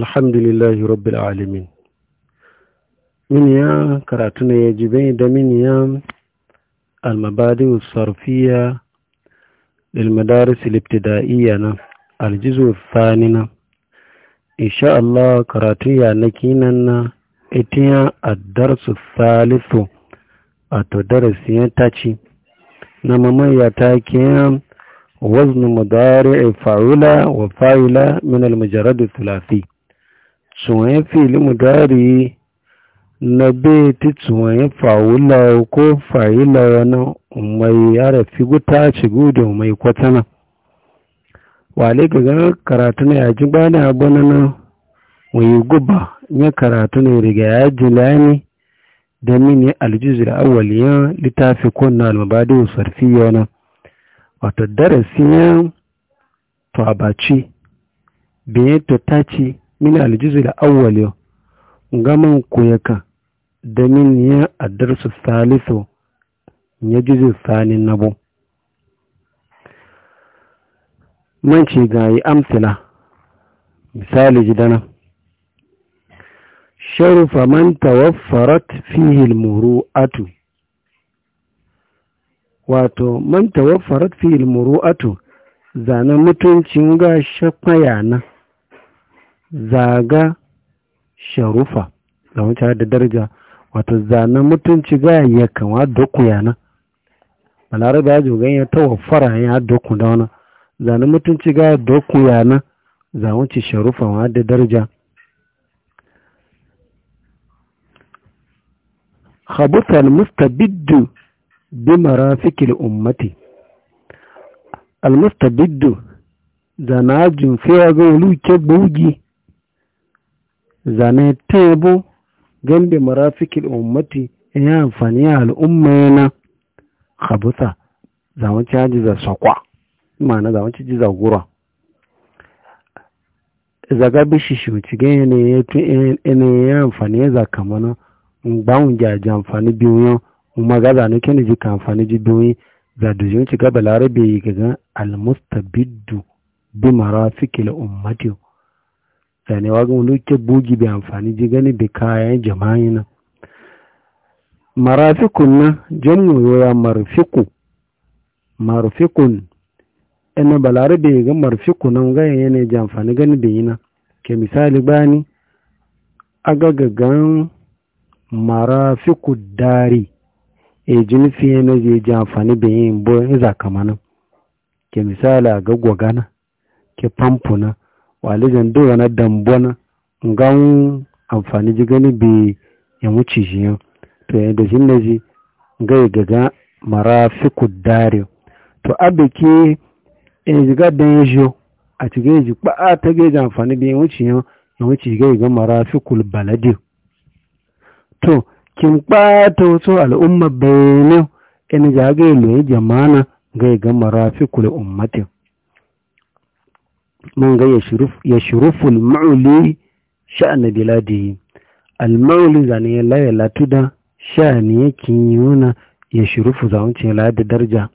الحمد لله رب العالمين من يا قراتنا يجب ان دمن يا المبادئ الصرفيه للمدارس الابتدائيه نا الجزء الثاني ان شاء الله قراتي نكيننا اتيا الدرس الثالث اتدرس ينتشي نما ما وزن مضارع فعولة وفاعلة من المجرد الثلاثي tsohon fili mudari na bai ti tsohon fa'ula ko fayila wani mai harafi figuta ci gudun mai kwatana wale ga karatu na yaji ba na abana na wani guba ya karatu ne riga ya ji lani da mini aljizir awaliyan littafi kunna almabadi sarfi yana wato darasi ya to abaci biyan to taci min aljizu da awwaliyo gaman koyaka da min ya adarsu salisu ya jizu sani nabo man ce ga yi amsila misali jidana sharufa man tawaffarat fihi almuru'atu wato man tawaffarat fihi almuru'atu zanen mutuncin ga shakwaya na zaga sharufa da wancan da daraja Wata zanen mutunci ga ya kama doku yana balarabe ya jogan fara tawaffara ya doku da wani zanen mutunci ga ya doku yana zamanci sharufa wa da daraja al-musta mustabiddu bi marafikil ummati al mustabiddu jin fiya ga luke bugi zane tebo gande gambe marafikin ummati ya amfani al'umma yana khabuta zamanci ya jiza sakwa ma'ana zamanci jiza gura zaga bishi shi wuce ganye ne ya tun ya amfani ya zaka mana gbawun jaji amfani biyu yan umaga zane kini ji ka amfani ji biyu za zadujin ci gaba larabe yi gaga almustabiddu bi marafikin ummati ga wani luke bugi bai amfani ji gani da kayan jama'i na marafikun na jamu ya marafiku marafikun ina balare bai ga marafiku nan gayan yana ji amfani gani da na ke misali bani agagagan marafiku dari e jinsi yana je ji amfani da in bo in zakamanin ke misali a gagwagana ke famfuna walijan do na dambona ngan amfani ji gani bi ya wuce shi ya to ya da shin naji ga gaga marafiku dare to abike in ji ga dan yajo a ci ga ji ba ta ga ji amfani bi ya wuce ya ya wuce ga ga marafikul baladi to kin ɓata wasu al'umma bayanin in ga ga ne jama'a ga ga marafikul ummatin mun ga ya shuruful ma'uli sha'ana biladi al-ma'uli zane ya laye latuda sha'ani ya kinyuna ya shurufu zaunce ladi darja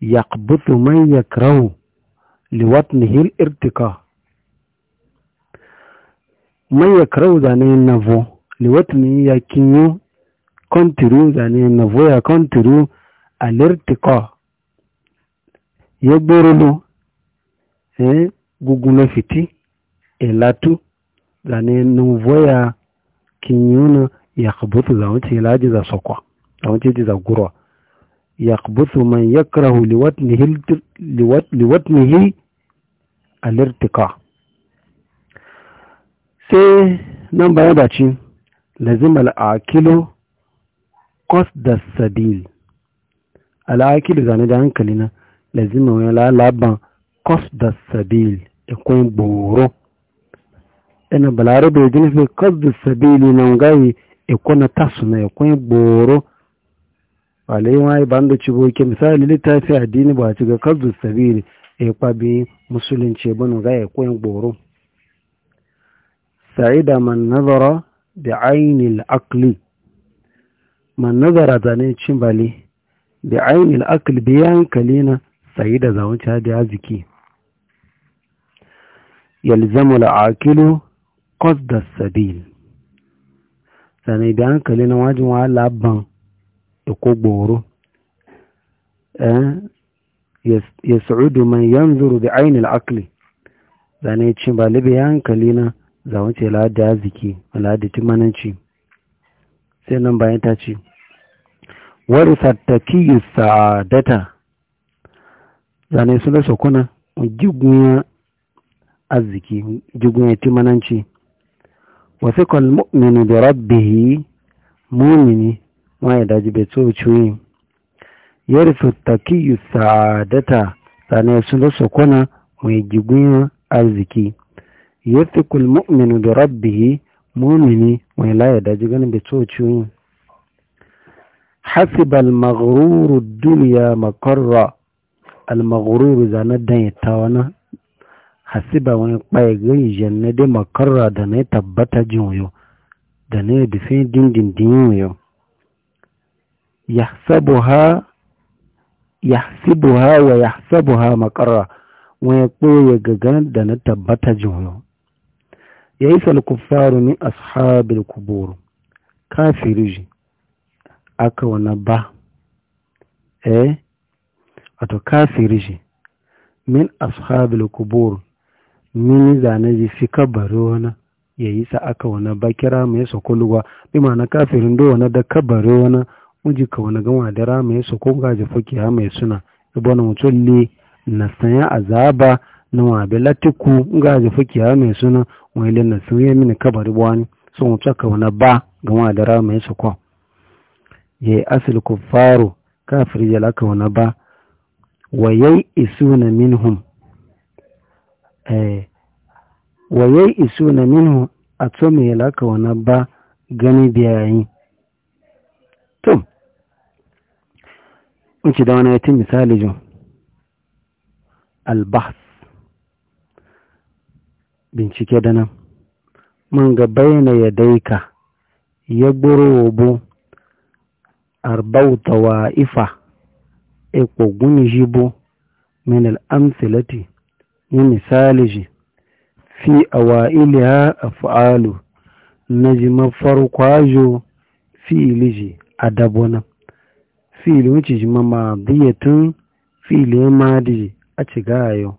ya ƙabutu man ya krahu liwatnihil irtika man ya krahu zane ya navo liwatni ya kinyu kontiru zane ya navo ya kontiru al-irtika ya gborolo gugulo fiti e latu zane nun voya kinyuna yaqbutu zawon ce laji za sokwa zawon ce za gurwa yaqbutu man yakrahu liwatnihi liwatnihi alirtika sai nan bayan baci lazim al'akilo kos da sabil al'akilu zane da hankali na lazim wani lalaban qasda sabil ikun e gboro ina balarabe jini fi qasda sabili e nan gayi ikuna e tasuna ikun gboro wale ban da ciboki misali littafi addini ba ci ga qasda sabili ikpabi musulunci banu gayi ikun gboro sa'ida man nazara bi ainihin akli man nazara zane cimbali bi ainihin akli na sayi da zaunci da ya jiki yalzamu al'aqilu qasda as-sabil sani bi hankali na wajin wa laban iko gboro ya eh, sa'udu man yanzuru bi ayni al-aqli sani cin ba libi hankali na zawon ce lada ziki lada timananci sai nan bayan ta ce warisar takiyu sa'adata zane su da sokuna gigun arziki jigun ya timananci wasu kalmuminu da rabbihi mumini ma ya daji bai tso cuyi ya rufe takiyu sadata sannan su da sokona mai jigun arziki ya fi mu'minu da rabbihi mumini mai laye daji ganin bai tso ciwi duniya makarra al مقرّة zanen dan دان tawana hasiba wani ɓaigari yanne da makarra da na tabbata jin da na dufin dindindin yo ya sabu ha wa ya sabu ha makarra wani ɓoye gaga da na tabbata jin ya yi salkufaru ni ashabil kuburu kafiri aka wana ba eh wato kafiri min ashabil kuburu mini zane ji fi baro wana ya yi sa aka wani bakira mai luwa bi ma na kafirin do wani da ka wana na uji ka wani gama da ra mai soko ga ji fuki ha mai suna na mutum ne na sanya azaba na wabe latiku ga ji ha mai suna wani le na sun yi mini kabari wani sun wuce ka wani ba gama da ra mai soko ya yi asali kuffaro kafir ya laka wani ba wa yai isu na minhum Eh, waye isu na minhu a yalaka ba gani biyayi to uchi da wana yati misali jo albahs bincike da nan man ga bayyana yadaika daika ya arbauta wa ifa ekwogun jibo min al'amsilati yin saliji fi awailiha af'alu najma farqajo fi iliji adabona fi ilunci jima ma biyatun fi ilema di a cigayo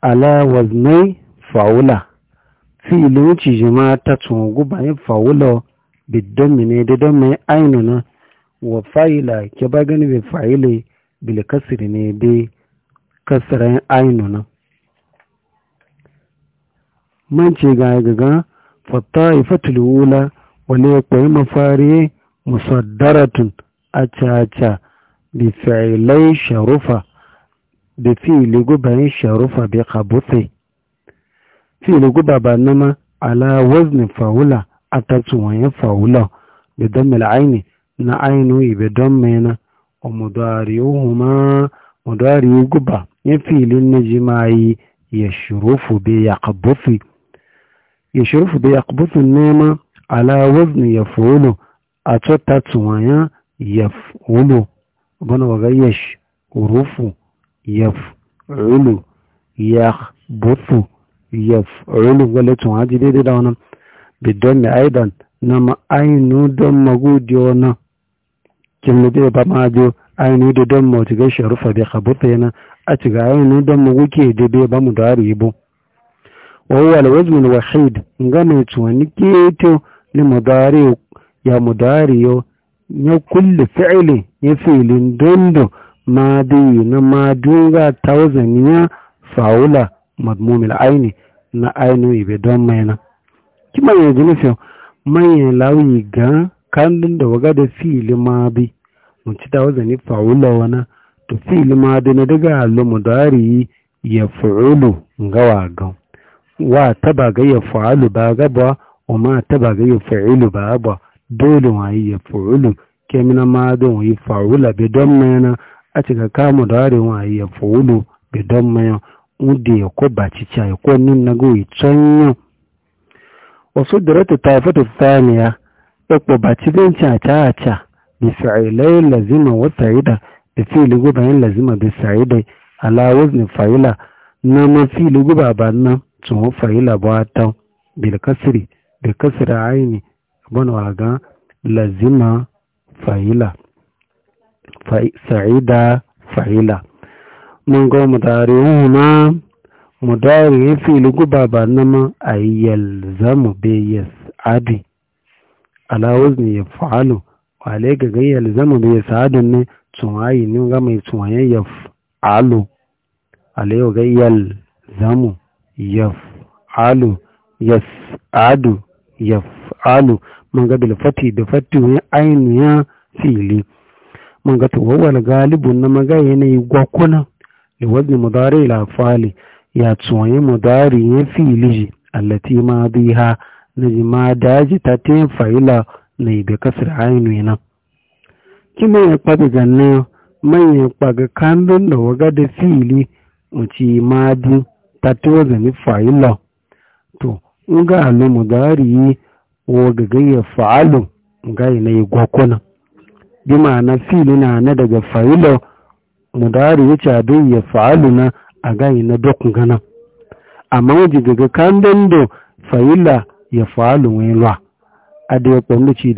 ala waznai faula fi ilunci jima ta tungu bayan faula bidomine da domin ainuna wa fa'ila ke ba gani bai fa'ile bilkasir ne bai kasaren ainu nan man ce ga gaga fata ifatul wula wani ya kwayi mafari musaddaratun a caca da fi'ilai sharufa da fi'ili gubayin sharufa bai kabutai fi'ili guba ba nama ala wazni fa'ula a tattuwayen fa'ula da don mil'aini na ainu ibe don mena wa mudari guba يفعل النجماعي يشرف بيقبث يشرف بيقبث النعمة على وزن يفعل أتوتت ويا يفعل بنا وغيش حروف يفعل يخبث يفعل قلت وعادي دي دي بدون أيضا نما أين دم وجود يونا كلمة دي بماجو أين دم وتغيش يشرف بيقبث هنا a tigayen nu don mu wuke da bai ba mu da ribo wawo alwazmin wahid nga mai tuwani keto ni mudari ya mudari ya kulli fi'ili ya fi'ilin dondo ma na ma dunga faula madmumil aini na ainu ibe don maina kima ya ji nufin manyan ga kandun da waga da fi'ili ma mun ci tauzani faula wana to fi'il madi na daga hallo mudari ya fa’ulu ga wagan wa taba ga ya fa’ulu ba gaba wa ma taba ga ya fa’ulu ba ba dole wa ya fu'ulu kemina ma wa yi fa'ula bi don mayana a cika ka mudari wa ya fa’ulu bi don mayana ude ya ko ba cica ya ko nun na goyi canyo wasu dirata ta fata saniya ya ko ba ci ganci a ta a ca bi fi'ilai lazima wata ida fi'ili gubayen lazima bi sa'ibai ala wazni fa'ila na ma fi'ili guba ba na tun fa'ila ba ta bil kasri bil kasri aini bon wa ga lazima fa'ila sa'ida fa'ila mun ga mudari'u na mudari fi'ili guba ba na ma ayyalzamu bi yas'adi ala wazni yaf'alu wale gaga yalzamu bi sa'adun ne tsuwayi ne ga mai tsuwayen yaf alu ale ga zama yaf alu yas adu yaf alu man ga bil fati da fati ne ainu ya fili man ga to wawal galibun na maga yanayi gwakuna liwazni mudari la fali ya tsuwayen mudari ya fili allati ma biha na ma daji ta tefa ila na ibe kasar hainu yana kima ya kwabi ganna manyan kwaga kandun da waga da fili uci madi ta tuwa zani fa'ila to in ga halu mu yi wa gagayyar fa'alun ga yi na yi gwakuna bi ma'ana fili na na daga fa'ila mu dari ya cadu ya fa'alu na a ga yi na dokun gana amma waje gaga kandun da fa'ila ya fa'alun wani lwa adai kwammaci don